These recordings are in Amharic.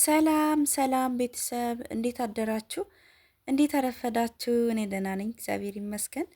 ሰላም ሰላም ቤተሰብ እንዴት አደራችሁ? እንዴት አረፈዳችሁ? እኔ ደህና ነኝ፣ እግዚአብሔር ይመስገን።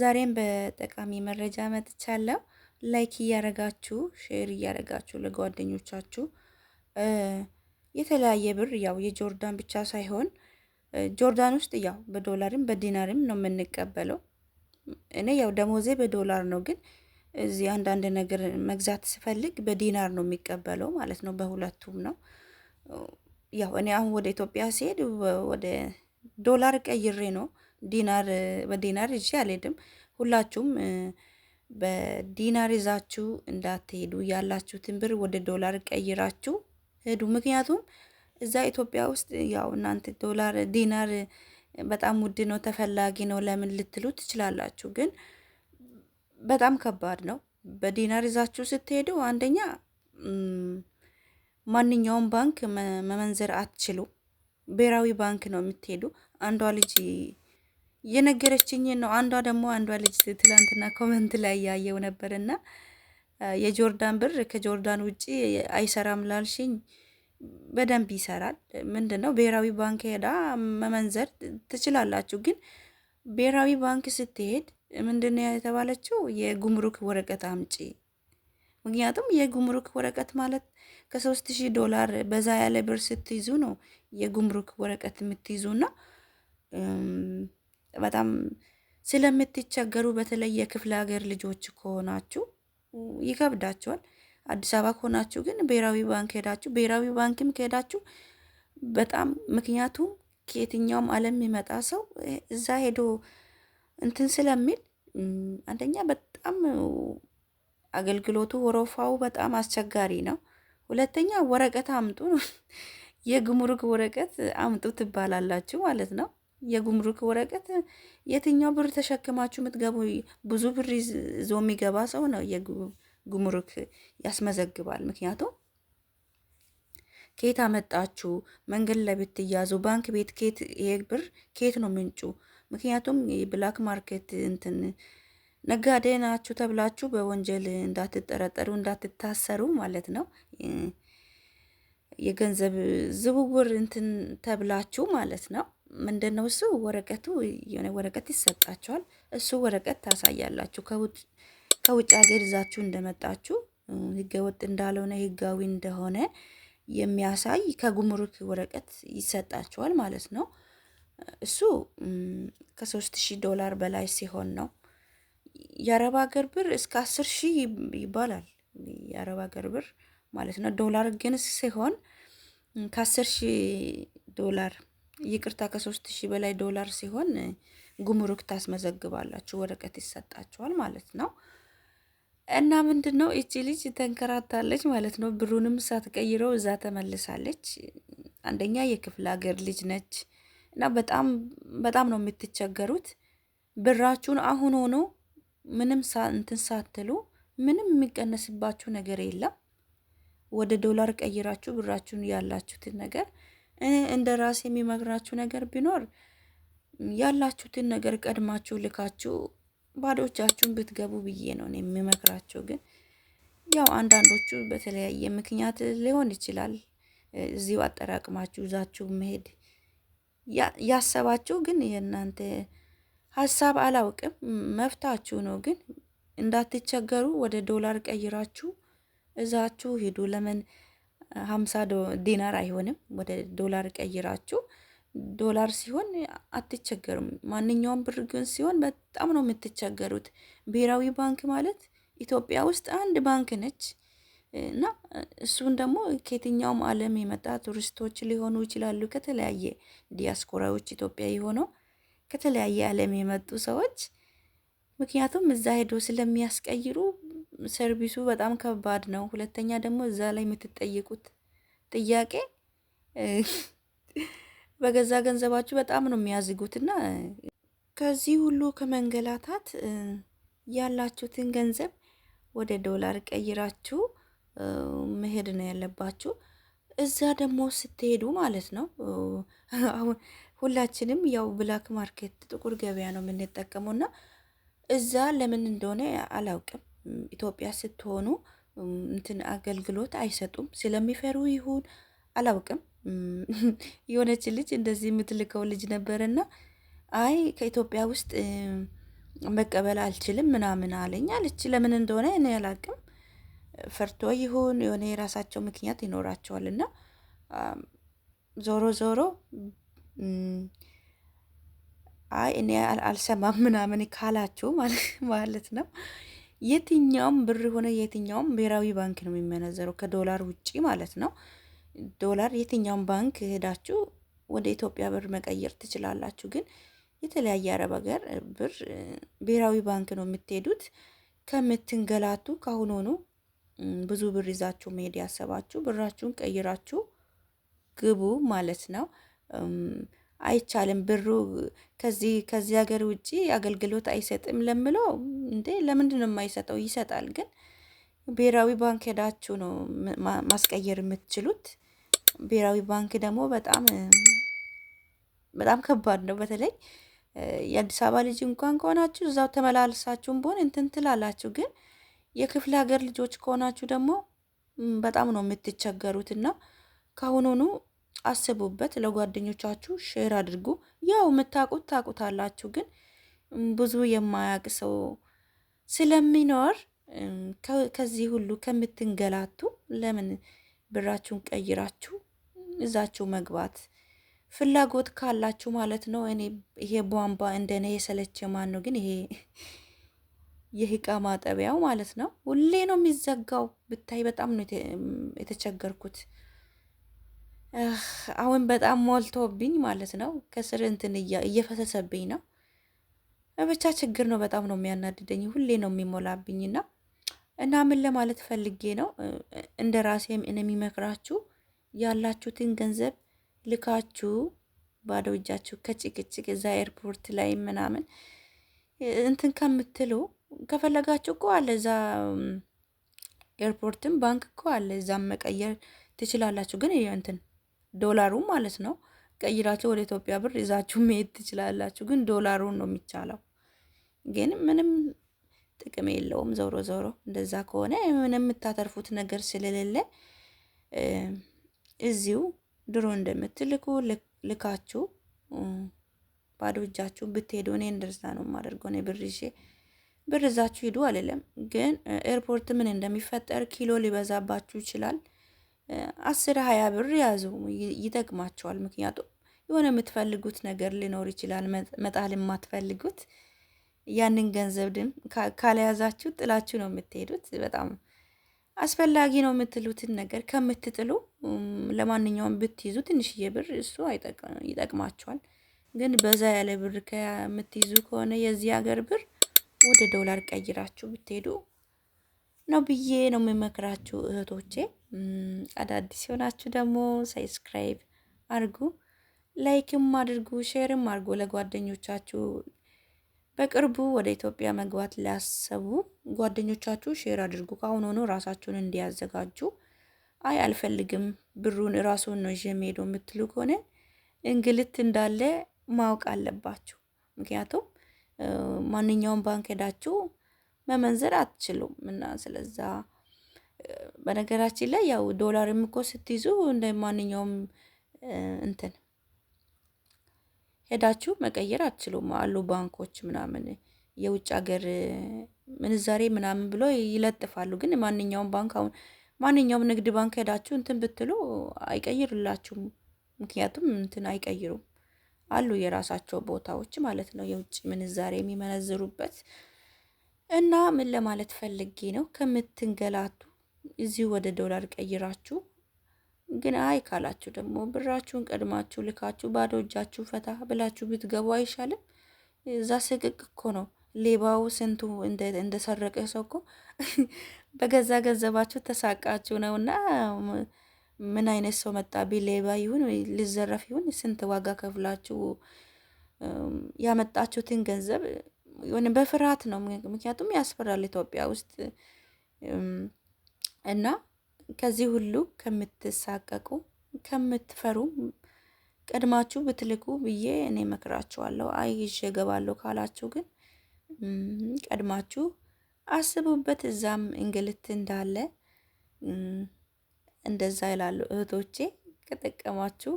ዛሬም በጠቃሚ መረጃ መጥቻለሁ። ላይክ እያረጋችሁ ሼር እያረጋችሁ ለጓደኞቻችሁ የተለያየ ብር ያው የጆርዳን ብቻ ሳይሆን ጆርዳን ውስጥ ያው በዶላርም በዲናርም ነው የምንቀበለው። እኔ ያው ደሞዜ በዶላር ነው፣ ግን እዚህ አንዳንድ ነገር መግዛት ስፈልግ በዲናር ነው የሚቀበለው ማለት ነው። በሁለቱም ነው ያው እኔ አሁን ወደ ኢትዮጵያ ሲሄድ ወደ ዶላር ቀይሬ ነው። ዲናር በዲናር ይዤ አልሄድም። ሁላችሁም በዲናር ይዛችሁ እንዳትሄዱ፣ ያላችሁትን ብር ወደ ዶላር ቀይራችሁ ሄዱ። ምክንያቱም እዛ ኢትዮጵያ ውስጥ ያው እናንተ ዶላር ዲናር በጣም ውድ ነው፣ ተፈላጊ ነው ለምን ልትሉ ትችላላችሁ። ግን በጣም ከባድ ነው። በዲናር ይዛችሁ ስትሄዱ አንደኛ ማንኛውም ባንክ መመንዘር አትችሉ። ብሔራዊ ባንክ ነው የምትሄዱ። አንዷ ልጅ የነገረችኝ ነው። አንዷ ደግሞ አንዷ ልጅ ትላንትና ኮመንት ላይ ያየው ነበር እና የጆርዳን ብር ከጆርዳን ውጭ አይሰራም ላልሽኝ በደንብ ይሰራል። ምንድን ነው ብሔራዊ ባንክ ሄዳ መመንዘር ትችላላችሁ። ግን ብሔራዊ ባንክ ስትሄድ ምንድን ነው የተባለችው? የጉምሩክ ወረቀት አምጪ ምክንያቱም የጉምሩክ ወረቀት ማለት ከሶስት ሺህ ዶላር በዛ ያለ ብር ስትይዙ ነው የጉምሩክ ወረቀት የምትይዙና በጣም ስለምትቸገሩ በተለይ የክፍለ ሀገር ልጆች ከሆናችሁ ይከብዳችኋል። አዲስ አበባ ከሆናችሁ ግን ብሔራዊ ባንክ ሄዳችሁ ብሔራዊ ባንክም ከሄዳችሁ በጣም ምክንያቱም ከየትኛውም ዓለም የሚመጣ ሰው እዛ ሄዶ እንትን ስለሚል አንደኛ በጣም አገልግሎቱ ወረፋው በጣም አስቸጋሪ ነው። ሁለተኛ ወረቀት አምጡ፣ የጉምሩክ ወረቀት አምጡ ትባላላችሁ ማለት ነው። የጉምሩክ ወረቀት የትኛው ብር ተሸክማችሁ የምትገቡ ብዙ ብር ይዞ የሚገባ ሰው ነው የጉምሩክ ያስመዘግባል። ምክንያቱም ኬት አመጣችሁ፣ መንገድ ላይ ብትያዙ፣ ባንክ ቤት ኬት ይሄ ብር ኬት ነው ምንጩ። ምክንያቱም ብላክ ማርኬት እንትን ነጋዴ ናችሁ ተብላችሁ በወንጀል እንዳትጠረጠሩ እንዳትታሰሩ ማለት ነው። የገንዘብ ዝውውር እንትን ተብላችሁ ማለት ነው። ምንድን ነው እሱ? ወረቀቱ የሆነ ወረቀት ይሰጣችኋል። እሱ ወረቀት ታሳያላችሁ። ከውጭ ሀገር ይዛችሁ እንደመጣችሁ ህገወጥ እንዳልሆነ ህጋዊ እንደሆነ የሚያሳይ ከጉምሩክ ወረቀት ይሰጣችኋል ማለት ነው። እሱ ከሶስት ሺህ ዶላር በላይ ሲሆን ነው የአረብ ሀገር ብር እስከ አስር ሺህ ይባላል። የአረብ ሀገር ብር ማለት ነው። ዶላር ግን ሲሆን ከአስር ሺህ ዶላር ይቅርታ፣ ከሶስት ሺህ በላይ ዶላር ሲሆን ጉምሩክ ታስመዘግባላችሁ፣ ወረቀት ይሰጣችኋል ማለት ነው። እና ምንድን ነው እቺ ልጅ ተንከራታለች ማለት ነው። ብሩንም ሳትቀይረው እዛ ተመልሳለች። አንደኛ የክፍለ ሀገር ልጅ ነች እና በጣም በጣም ነው የምትቸገሩት። ብራችሁን አሁን ሆኖ ምንም እንትን ሳትሉ ምንም የሚቀነስባችሁ ነገር የለም። ወደ ዶላር ቀይራችሁ ብራችሁን ያላችሁትን ነገር እንደ ራሴ የሚመክራችሁ ነገር ቢኖር ያላችሁትን ነገር ቀድማችሁ ልካችሁ ባዶቻችሁን ብትገቡ ብዬ ነው የሚመክራችሁ። ግን ያው አንዳንዶቹ በተለያየ ምክንያት ሊሆን ይችላል እዚሁ አጠራቅማችሁ ይዛችሁ መሄድ ያሰባችሁ ግን የእናንተ ሀሳብ አላውቅም። መፍታችሁ ነው ግን እንዳትቸገሩ ወደ ዶላር ቀይራችሁ እዛችሁ ሂዱ። ለምን ሀምሳ ዲናር አይሆንም። ወደ ዶላር ቀይራችሁ ዶላር ሲሆን አትቸገሩም። ማንኛውም ብር ግን ሲሆን በጣም ነው የምትቸገሩት። ብሔራዊ ባንክ ማለት ኢትዮጵያ ውስጥ አንድ ባንክ ነች እና እሱን ደግሞ ከየትኛውም ዓለም የመጣ ቱሪስቶች ሊሆኑ ይችላሉ ከተለያየ ዲያስፖራዎች ኢትዮጵያ የሆነው ከተለያየ ዓለም የመጡ ሰዎች ምክንያቱም እዛ ሄዶ ስለሚያስቀይሩ ሰርቪሱ በጣም ከባድ ነው። ሁለተኛ ደግሞ እዛ ላይ የምትጠየቁት ጥያቄ በገዛ ገንዘባችሁ በጣም ነው የሚያዝጉትና ከዚህ ሁሉ ከመንገላታት ያላችሁትን ገንዘብ ወደ ዶላር ቀይራችሁ መሄድ ነው ያለባችሁ። እዛ ደግሞ ስትሄዱ ማለት ነው አሁን ሁላችንም ያው ብላክ ማርኬት ጥቁር ገበያ ነው የምንጠቀመው እና እዛ ለምን እንደሆነ አላውቅም። ኢትዮጵያ ስትሆኑ እንትን አገልግሎት አይሰጡም ስለሚፈሩ ይሁን አላውቅም። የሆነች ልጅ እንደዚህ የምትልከው ልጅ ነበረና አይ ከኢትዮጵያ ውስጥ መቀበል አልችልም ምናምን አለኝ አለች። ለምን እንደሆነ እኔ አላውቅም። ፈርቶ ይሁን የሆነ የራሳቸው ምክንያት ይኖራቸዋል እና ዞሮ ዞሮ አይ እኔ አልሰማም ምናምን ካላችሁ ማለት ነው። የትኛውም ብር ሆነ የትኛውም ብሔራዊ ባንክ ነው የሚመነዘረው ከዶላር ውጪ ማለት ነው። ዶላር የትኛውም ባንክ ሄዳችሁ ወደ ኢትዮጵያ ብር መቀየር ትችላላችሁ። ግን የተለያየ አረብ ሀገር ብር ብሔራዊ ባንክ ነው የምትሄዱት። ከምትንገላቱ ከአሁኑኑ ብዙ ብር ይዛችሁ መሄድ ያሰባችሁ ብራችሁን ቀይራችሁ ግቡ ማለት ነው። አይቻልም ብሩ ከዚህ ከዚህ ሀገር ውጪ አገልግሎት አይሰጥም ለምለው እንዴ ለምንድን ነው የማይሰጠው? ይሰጣል። ግን ብሔራዊ ባንክ ሄዳችሁ ነው ማስቀየር የምትችሉት። ብሔራዊ ባንክ ደግሞ በጣም በጣም ከባድ ነው። በተለይ የአዲስ አበባ ልጅ እንኳን ከሆናችሁ እዛው ተመላልሳችሁም በሆን እንትን ትላላችሁ። ግን የክፍለ ሀገር ልጆች ከሆናችሁ ደግሞ በጣም ነው የምትቸገሩት እና ከአሁኑኑ አስቡበት። ለጓደኞቻችሁ ሼር አድርጉ። ያው የምታውቁት ታውቁታላችሁ፣ ግን ብዙ የማያውቅ ሰው ስለሚኖር ከዚህ ሁሉ ከምትንገላቱ ለምን ብራችሁን ቀይራችሁ እዛችሁ መግባት ፍላጎት ካላችሁ ማለት ነው። እኔ ይሄ ቧንቧ እንደኔ የሰለች ማን ነው? ግን ይሄ የእቃ ማጠቢያው ማለት ነው ሁሌ ነው የሚዘጋው። ብታይ በጣም ነው የተቸገርኩት። አሁን በጣም ሞልቶብኝ ማለት ነው። ከስር እንትን እየፈሰሰብኝ ነው። ብቻ ችግር ነው። በጣም ነው የሚያናድደኝ። ሁሌ ነው የሚሞላብኝና እና ምን ለማለት ፈልጌ ነው እንደ ራሴ የሚመክራችሁ ያላችሁትን ገንዘብ ልካችሁ ባዶ እጃችሁ ከጭቅጭቅ እዛ ኤርፖርት ላይ ምናምን እንትን ከምትሉ ከፈለጋችሁ እኮ አለ እዛ ኤርፖርትም ባንክ እኮ አለ እዛም መቀየር ትችላላችሁ። ግን እንትን ዶላሩ ማለት ነው። ቀይራችሁ ወደ ኢትዮጵያ ብር ይዛችሁ መሄድ ትችላላችሁ። ግን ዶላሩን ነው የሚቻለው። ግን ምንም ጥቅም የለውም። ዞሮ ዞሮ እንደዛ ከሆነ ምንም የምታተርፉት ነገር ስለሌለ እዚሁ ድሮ እንደምትልኩ ልካችሁ ባዶ እጃችሁ ብትሄዱ፣ እኔ እንደዛ ነው የማደርገው። እኔ ብር ይዤ ብር ይዛችሁ ሂዱ አልልም። ግን ኤርፖርት ምን እንደሚፈጠር ኪሎ ሊበዛባችሁ ይችላል። አስር ሀያ ብር ያዙ ይጠቅማቸዋል። ምክንያቱም የሆነ የምትፈልጉት ነገር ሊኖር ይችላል፣ መጣል የማትፈልጉት ያንን ገንዘብ ድም ካለያዛችሁ ጥላችሁ ነው የምትሄዱት። በጣም አስፈላጊ ነው የምትሉትን ነገር ከምትጥሉ ለማንኛውም ብትይዙ ትንሽዬ ብር እሱ ይጠቅማቸዋል። ግን በዛ ያለ ብር ከምትይዙ ከሆነ የዚህ ሀገር ብር ወደ ዶላር ቀይራችሁ ብትሄዱ ነው ብዬ ነው የምመክራችሁ እህቶቼ። አዳዲስ የሆናችሁ ደግሞ ሰብስክራይብ አድርጉ፣ ላይክም አድርጉ፣ ሼርም አድርጉ ለጓደኞቻችሁ በቅርቡ ወደ ኢትዮጵያ መግባት ላሰቡ ጓደኞቻችሁ ሼር አድርጉ። ከአሁን ሆኖ ራሳችሁን እንዲያዘጋጁ። አይ አልፈልግም፣ ብሩን ራሱን ነው ይዤ የምሄደው የምትሉ ከሆነ እንግልት እንዳለ ማወቅ አለባችሁ። ምክንያቱም ማንኛውም ባንክ ሄዳችሁ መመንዘር አትችሉም እና ስለዛ በነገራችን ላይ ያው ዶላርም እኮ ስትይዙ እንደ ማንኛውም እንትን ሄዳችሁ መቀየር አትችሉም አሉ ባንኮች ምናምን የውጭ ሀገር ምንዛሬ ምናምን ብሎ ይለጥፋሉ። ግን ማንኛውም ባንክ አሁን ማንኛውም ንግድ ባንክ ሄዳችሁ እንትን ብትሉ አይቀይርላችሁም። ምክንያቱም እንትን አይቀይሩም አሉ የራሳቸው ቦታዎች ማለት ነው የውጭ ምንዛሬ የሚመነዝሩበት እና ምን ለማለት ፈልጌ ነው ከምትንገላቱ እዚሁ ወደ ዶላር ቀይራችሁ ግን አይ ካላችሁ ደግሞ ብራችሁን ቀድማችሁ ልካችሁ ባዶ እጃችሁ ፈታ ብላችሁ ብትገቡ አይሻልም? እዛ ስቅቅ እኮ ነው። ሌባው ስንቱ እንደሰረቀ ሰው እኮ በገዛ ገንዘባችሁ ተሳቃችሁ እና ምን አይነት ሰው መጣ ቢ ሌባ ይሁን ሊዘረፍ ይሁን ስንት ዋጋ ከፍላችሁ ያመጣችሁትን ገንዘብ በፍርሃት ነው። ምክንያቱም ያስፈራል ኢትዮጵያ ውስጥ እና ከዚህ ሁሉ ከምትሳቀቁ ከምትፈሩ ቀድማችሁ ብትልኩ ብዬ እኔ መክራችኋለሁ። አይ ይዤ እገባለሁ ካላችሁ ግን ቀድማችሁ አስቡበት። እዛም እንግልት እንዳለ እንደዛ ይላሉ እህቶቼ። ከጠቀማችሁ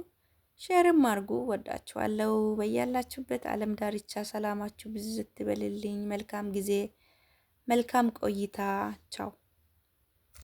ሼርም አድርጉ። ወዳችኋለሁ። በያላችሁበት ዓለም ዳርቻ ሰላማችሁ ብዝት ትበልልኝ። መልካም ጊዜ፣ መልካም ቆይታ። ቻው